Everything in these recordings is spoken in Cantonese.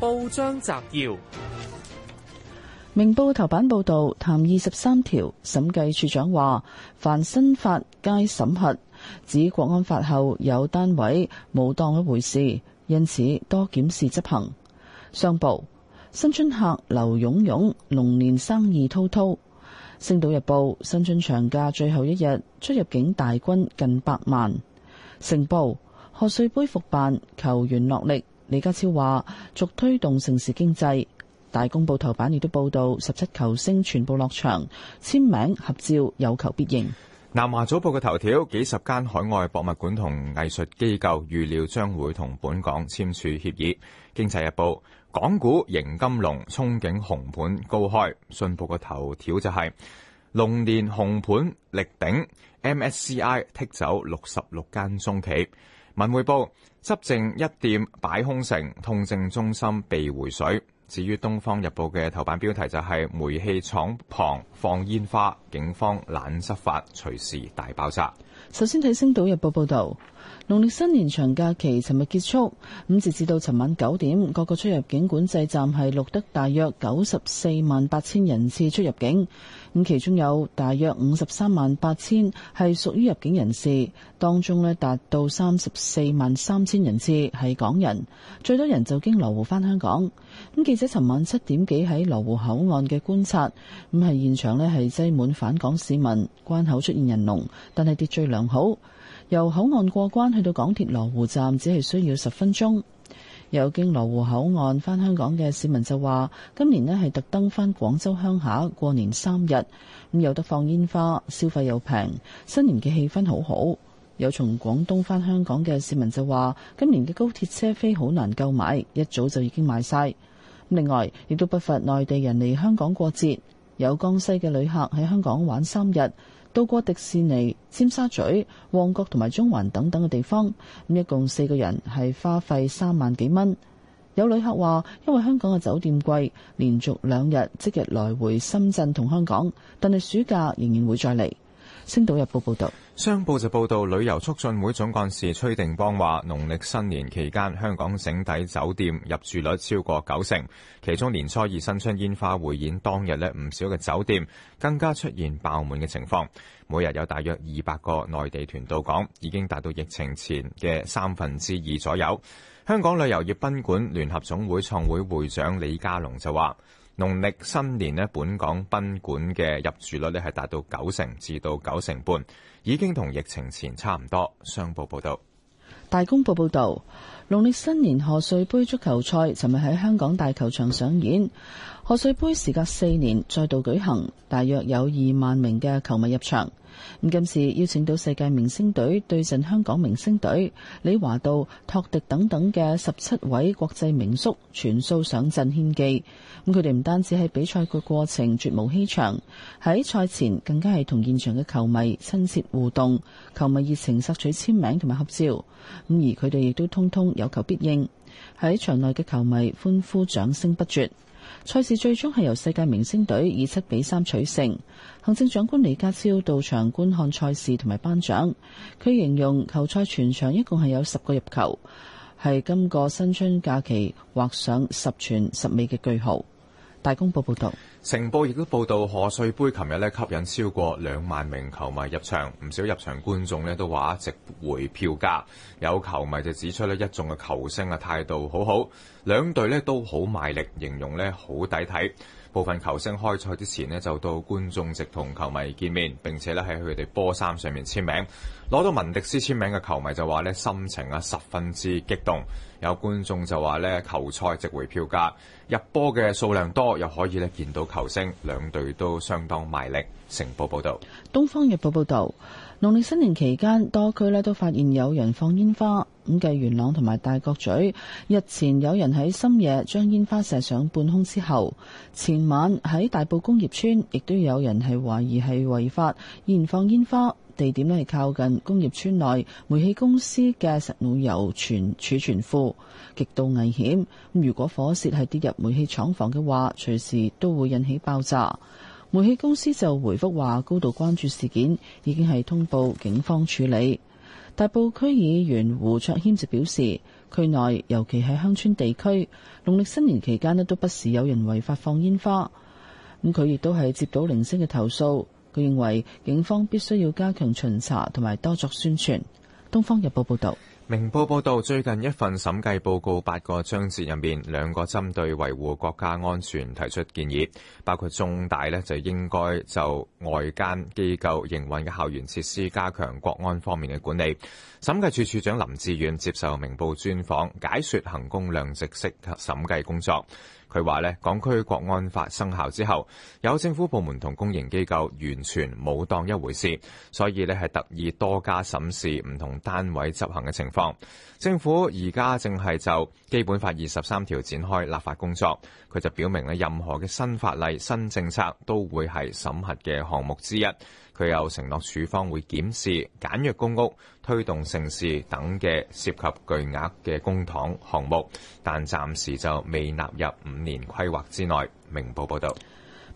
報章摘要：明報頭版報道，談二十三條，審計署長話，凡新法皆審核，指國安法後有單位冇當一回事，因此多檢視執行。商報：新春客流湧湧，龍年生意滔滔。星島日報：新春長假最後一日，出入境大軍近百萬。成報：賀歲杯復辦，球員落力。李家超話，續推動城市經濟。大公報頭版亦都報道，十七球星全部落場，簽名合照，有求必應。南華早報嘅頭條，幾十間海外博物館同藝術機構預料將會同本港簽署協議。經濟日報，港股迎金龍，憧憬紅盤高開。信報嘅頭條就係、是、龍年紅盤力頂，MSCI 剔走六十六間中企。文匯報執政一店擺空城，通政中心被回水。至於東方日報嘅頭版標題就係煤氣廠旁放煙花，警方懶執法，隨時大爆炸。首先睇《星島日報》報道。農曆新年長假期尋日結束，咁直至到尋晚九點，各個出入境管制站係錄得大約九十四萬八千人次出入境，咁其中有大約五十三萬八千係屬於入境人士，當中咧達到三十四萬三千人次係港人，最多人就經羅湖返香港。咁記者尋晚七點幾喺羅湖口岸嘅觀察，咁係現場咧係擠滿返港市民，關口出現人龍，但係秩序良好。由口岸過關去到港鐵羅湖站，只係需要十分鐘。有經羅湖口岸返香港嘅市民就話，今年呢係特登返廣州鄉下過年三日，咁有得放煙花，消費又平，新年嘅氣氛好好。有從廣東返香港嘅市民就話，今年嘅高鐵車飛好難購買，一早就已經買晒。另外，亦都不乏內地人嚟香港過節，有江西嘅旅客喺香港玩三日。到過迪士尼、尖沙咀、旺角同埋中環等等嘅地方，咁一共四個人係花費三萬幾蚊。有旅客話，因為香港嘅酒店貴，連續兩日即日來回深圳同香港，但係暑假仍然會再嚟。星島日報報道，商報就報道，旅遊促進會總幹事崔定邦話：農曆新年期間，香港整體酒店入住率超過九成，其中年初二新春煙花匯演當日呢，唔少嘅酒店更加出現爆滿嘅情況，每日有大約二百個內地團到港，已經達到疫情前嘅三分之二左右。香港旅遊業賓館聯合總會創會會長李家龍就話。農曆新年呢，本港賓館嘅入住率咧係達到九成至到九成半，已經同疫情前差唔多，商報報道。大公報報道，農曆新年賀歲盃足球賽尋日喺香港大球場上演，賀歲盃時隔四年再度舉行，大約有二萬名嘅球迷入場。咁今次邀請到世界明星隊對陣香港明星隊，李華道、托迪等等嘅十七位國際名宿全數上陣獻技。咁佢哋唔單止喺比賽嘅過程絕無欺場，喺賽前更加係同現場嘅球迷親切互動，球迷熱情索取簽名同埋合照。咁而佢哋亦都通通有求必應，喺場內嘅球迷歡呼掌聲不絕。賽事最終係由世界明星隊以七比三取勝。行政長官李家超到場觀看賽事同埋頒獎，佢形容球賽全場一共係有十個入球，係今個新春假期畫上十全十美嘅句號。大公報報道，成報亦都報道賀歲杯，琴日咧吸引超過兩萬名球迷入場，唔少入場觀眾咧都話值回票價。有球迷就指出咧，一眾嘅球星嘅態度好好，兩隊咧都好賣力，形容咧好抵睇。部分球星開賽之前呢，就到觀眾席同球迷見面，並且咧喺佢哋波衫上面簽名。攞到文迪斯簽名嘅球迷就話呢，心情啊十分之激動。有觀眾就話呢，球賽值回票價，入波嘅數量多又可以咧見到球星，兩隊都相當賣力。成報報道：《東方日報》報道，農曆新年期間多區呢，都發現有人放煙花。咁嘅元朗同埋大角咀，日前有人喺深夜將煙花射上半空之後，前晚喺大埔工業村亦都有人係懷疑係違法燃放煙花，地點咧係靠近工業村內煤氣公司嘅石腦油存儲庫，極度危險。如果火舌係跌入煤氣廠房嘅話，隨時都會引起爆炸。煤氣公司就回覆話，高度關注事件，已經係通報警方處理。大埔區議員胡卓謙就表示，區內尤其係鄉村地區，農曆新年期間咧都不時有人違法放煙花，咁、嗯、佢亦都係接到零星嘅投訴，佢認為警方必須要加強巡查同埋多作宣傳。《東方日報》報道：《明報》報道，最近一份審計報告，八個章節入面，兩個針對維護國家安全提出建議，包括中大呢，就應該就外間機構營運嘅校園設施加強國安方面嘅管理。審計署署長林志遠接受《明報》專訪，解説衡工量值式審計工作。佢話呢，港區國安法生效之後，有政府部門同公營機構完全冇當一回事，所以呢係特意多加審視唔同單位執行嘅情況。政府而家正係就基本法二十三條展開立法工作，佢就表明咧，任何嘅新法例、新政策都會係審核嘅項目之一。佢有承諾，署方會檢視簡約公屋、推動城市等嘅涉及巨額嘅公帑項目，但暫時就未納入五年規劃之內。明報報道。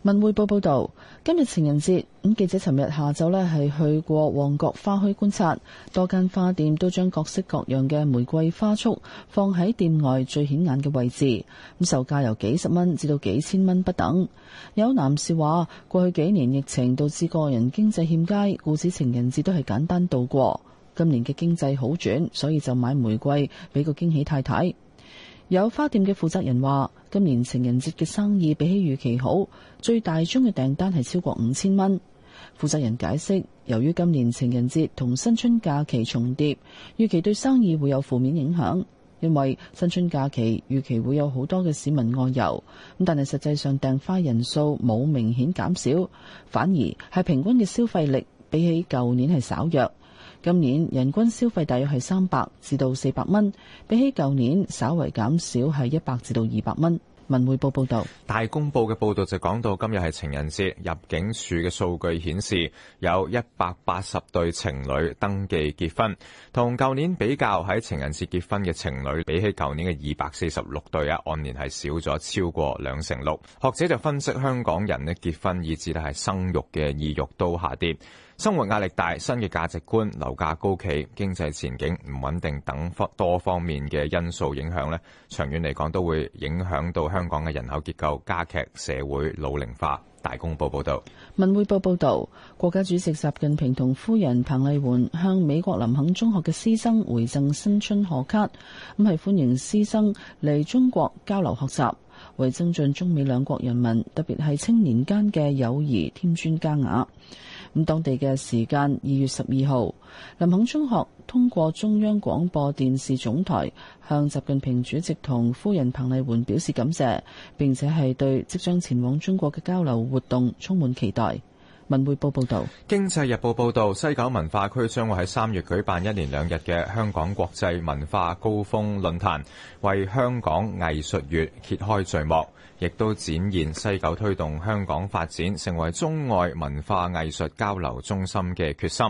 文匯報報道，今日情人節，咁記者尋日下晝呢係去過旺角花墟觀察，多間花店都將各式各樣嘅玫瑰花束放喺店外最顯眼嘅位置，咁售價由幾十蚊至到幾千蚊不等。有男士話，過去幾年疫情導致個人經濟欠佳，故此情人節都係簡單度過。今年嘅經濟好轉，所以就買玫瑰俾個驚喜太太。有花店嘅負責人話，今年情人節嘅生意比起預期好，最大宗嘅訂單係超過五千蚊。負責人解釋，由於今年情人節同新春假期重疊，預期對生意會有負面影響，因為新春假期預期會有好多嘅市民外遊，咁，但係實際上訂花人數冇明顯減少，反而係平均嘅消費力，比起舊年係稍弱，今年人均消費大約係三百至到四百蚊，比起舊年稍為減少係一百至到二百蚊。文匯報報道，大公報嘅報道就講到今日係情人節，入境處嘅數據顯示有一百八十對情侶登記結婚，同舊年比較喺情人節結婚嘅情侶，比起舊年嘅二百四十六對啊，按年係少咗超過兩成六。學者就分析香港人嘅結婚以至咧係生育嘅意欲都下跌。生活壓力大、新嘅價值觀、樓價高企、經濟前景唔穩定等方多方面嘅因素影響呢，長遠嚟講都會影響到香港嘅人口結構，加劇社會老齡化。大公報報導，文匯報報導，國家主席習近平同夫人彭麗媛向美國林肯中學嘅師生回贈新春賀卡，咁係歡迎師生嚟中國交流學習，為增進中美兩國人民特別係青年間嘅友誼添磚加瓦。咁當地嘅時間，二月十二號，林肯中學通過中央廣播電視總台，向習近平主席同夫人彭麗媛表示感謝，並且係對即將前往中國嘅交流活動充滿期待。文匯報報道，經濟日報報道，西九文化區將會喺三月舉辦一連兩日嘅香港國際文化高峰論壇，為香港藝術月揭開序幕，亦都展現西九推動香港發展，成為中外文化藝術交流中心嘅決心。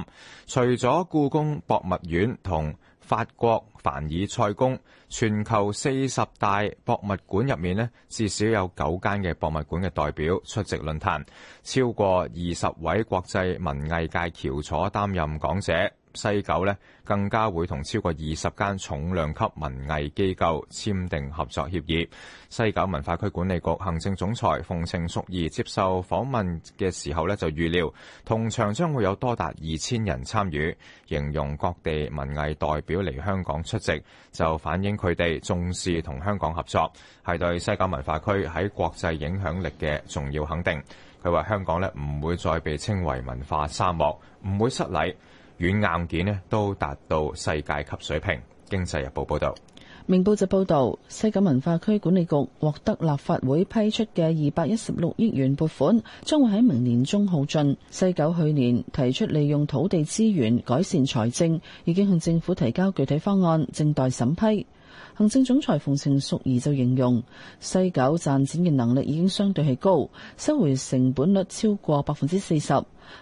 除咗故宮博物院同法國。凡爾賽宮，全球四十大博物館入面咧，至少有九間嘅博物館嘅代表出席論壇，超過二十位國際文藝界翹楚擔任講者。西九咧更加會同超過二十間重量級文藝機構簽訂合作協議。西九文化區管理局行政總裁馮程淑儀接受訪問嘅時候咧，就預料同場將會有多達二千人參與，形容各地文藝代表嚟香港，出席就反映佢哋重視同香港合作，係對西九文化區喺國際影響力嘅重要肯定。佢話香港咧唔會再被稱為文化沙漠，唔會失禮軟硬件咧都達到世界級水平。經濟日報報道。明報就報道，西九文化區管理局獲得立法會批出嘅二百一十六億元撥款，將會喺明年中耗盡。西九去年提出利用土地資源改善財政，已經向政府提交具體方案，正待審批。行政總裁馮程淑儀就形容，西九賺錢嘅能力已經相對係高，收回成本率超過百分之四十，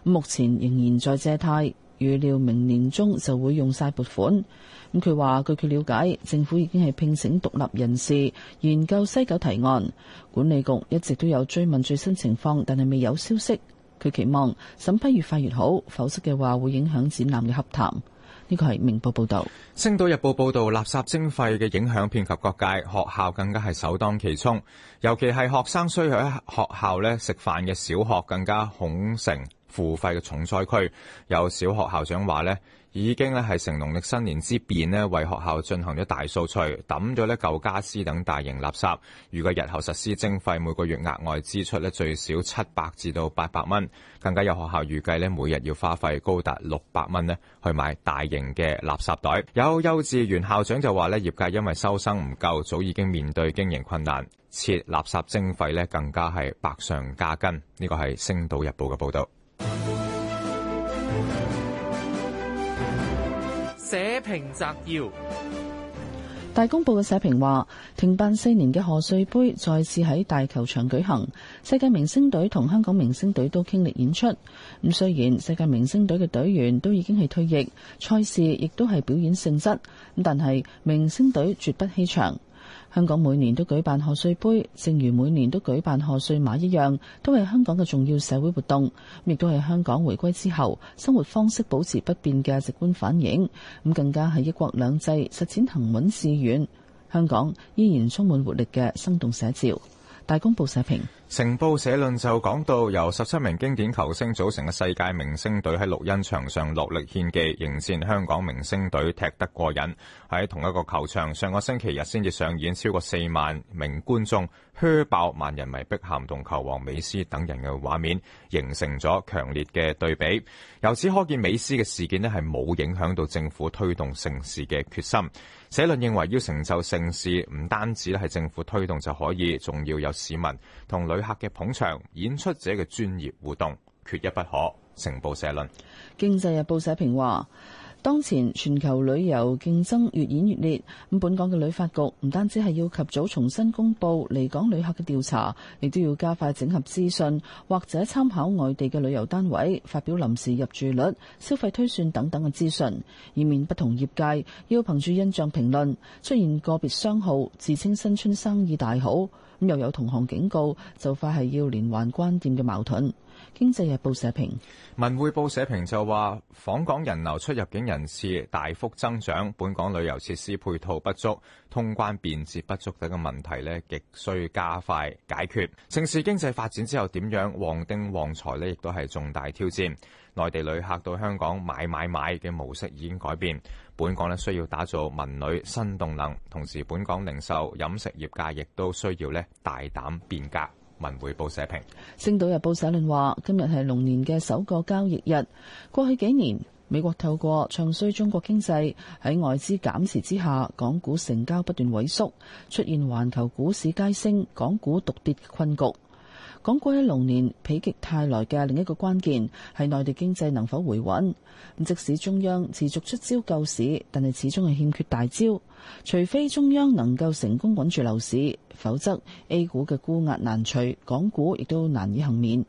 目前仍然在借貸，預料明年中就會用晒撥款。咁佢話，據佢了解，政府已經係聘請獨立人士研究西九提案。管理局一直都有追問最新情況，但係未有消息。佢期望審批越快越好，否則嘅話會影響展覽嘅洽談。呢個係明報報導。《星島日報》報導垃圾徵費嘅影響遍及各界，學校更加係首當其衝。尤其係學生需要喺學校咧食飯嘅小學更加恐成，付費嘅重災區。有小學校長話呢。」已經咧係成農曆新年之便咧，為學校進行咗大掃除，抌咗咧舊傢俬等大型垃圾。如果日後實施徵費，每個月額外支出咧最少七百至到八百蚊，更加有學校預計咧每日要花費高達六百蚊咧去買大型嘅垃圾袋。有幼稚園校長就話咧，業界因為收生唔夠，早已經面對經營困難，設垃圾徵費咧更加係百上加斤。呢個係《星島日報》嘅報導。 社評摘要：大公報嘅社評話，停辦四年嘅賀歲杯再次喺大球場舉行，世界明星隊同香港明星隊都傾力演出。咁雖然世界明星隊嘅隊員都已經係退役，賽事亦都係表演性質，但係明星隊絕不欺場。香港每年都舉辦賀歲杯，正如每年都舉辦賀歲馬一樣，都係香港嘅重要社會活動，亦都係香港回歸之後生活方式保持不變嘅直觀反應，咁更加係一國兩制實踐行穩致遠，香港依然充滿活力嘅生動寫照。大公報社評。《成報》社論就講到，由十七名經典球星組成嘅世界明星隊喺錄音場上落力獻技，迎戰香港明星隊踢得過癮。喺同一個球場，上個星期日先至上演，超過四萬名觀眾，噓爆萬人迷碧咸同球王美斯等人嘅畫面，形成咗強烈嘅對比。由此可見，美斯嘅事件呢係冇影響到政府推動盛事嘅決心。社論認為，要成就盛事，唔單止咧係政府推動就可以，仲要有市民同女客嘅捧場，演出者嘅專業互動，缺一不可。成報社論。《經濟日報》社評話：當前全球旅遊競爭越演越烈，咁本港嘅旅發局唔單止係要及早重新公布離港旅客嘅調查，亦都要加快整合資訊，或者參考外地嘅旅遊單位發表臨時入住率、消費推算等等嘅資訊，以免不同業界要憑住印象評論，出現個別商號自稱新春生意大好，咁又有同行警告，就快係要連環關店嘅矛盾。經濟日報社評，文匯報社評就話，訪港人流出入境人次大幅增長，本港旅遊設施配套不足、通關便捷不足等嘅問題呢，亦需加快解決。城市經濟發展之後點樣旺丁旺財呢，亦都係重大挑戰。內地旅客到香港買買買嘅模式已經改變，本港呢需要打造文旅新動能，同時本港零售、飲食業界亦都需要呢大膽變革。文匯報社評，《星島日報》社論話：今日係龍年嘅首個交易日。過去幾年，美國透過唱衰中國經濟，喺外資減持之下，港股成交不斷萎縮，出現環球股市皆升，港股獨跌嘅困局。港股喺龍年否極泰來嘅另一個關鍵係內地經濟能否回穩。即使中央持續出招救市，但係始終係欠缺大招。除非中央能夠成功穩住樓市，否則 A 股嘅沽壓難除，港股亦都難以幸免。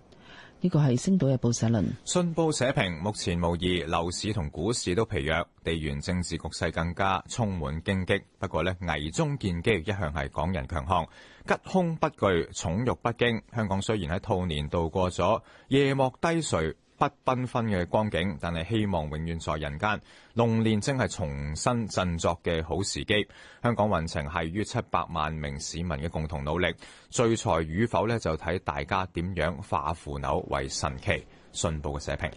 呢個係星島日報社論。信報社評：目前無疑，樓市同股市都疲弱，地緣政治局勢更加充滿荊棘。不過呢，危中見機，一向係港人強項。吉凶不懼，寵辱不驚。香港雖然喺兔年度過咗，夜幕低垂。不繽紛嘅光景，但係希望永遠在人間。龍年正係重新振作嘅好時機。香港運程係於七百萬名市民嘅共同努力，聚財與否呢？就睇大家點樣化腐朽為神奇。信報嘅社評。